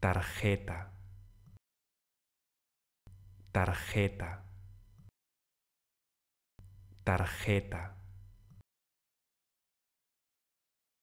tarjeta, tarjeta, tarjeta.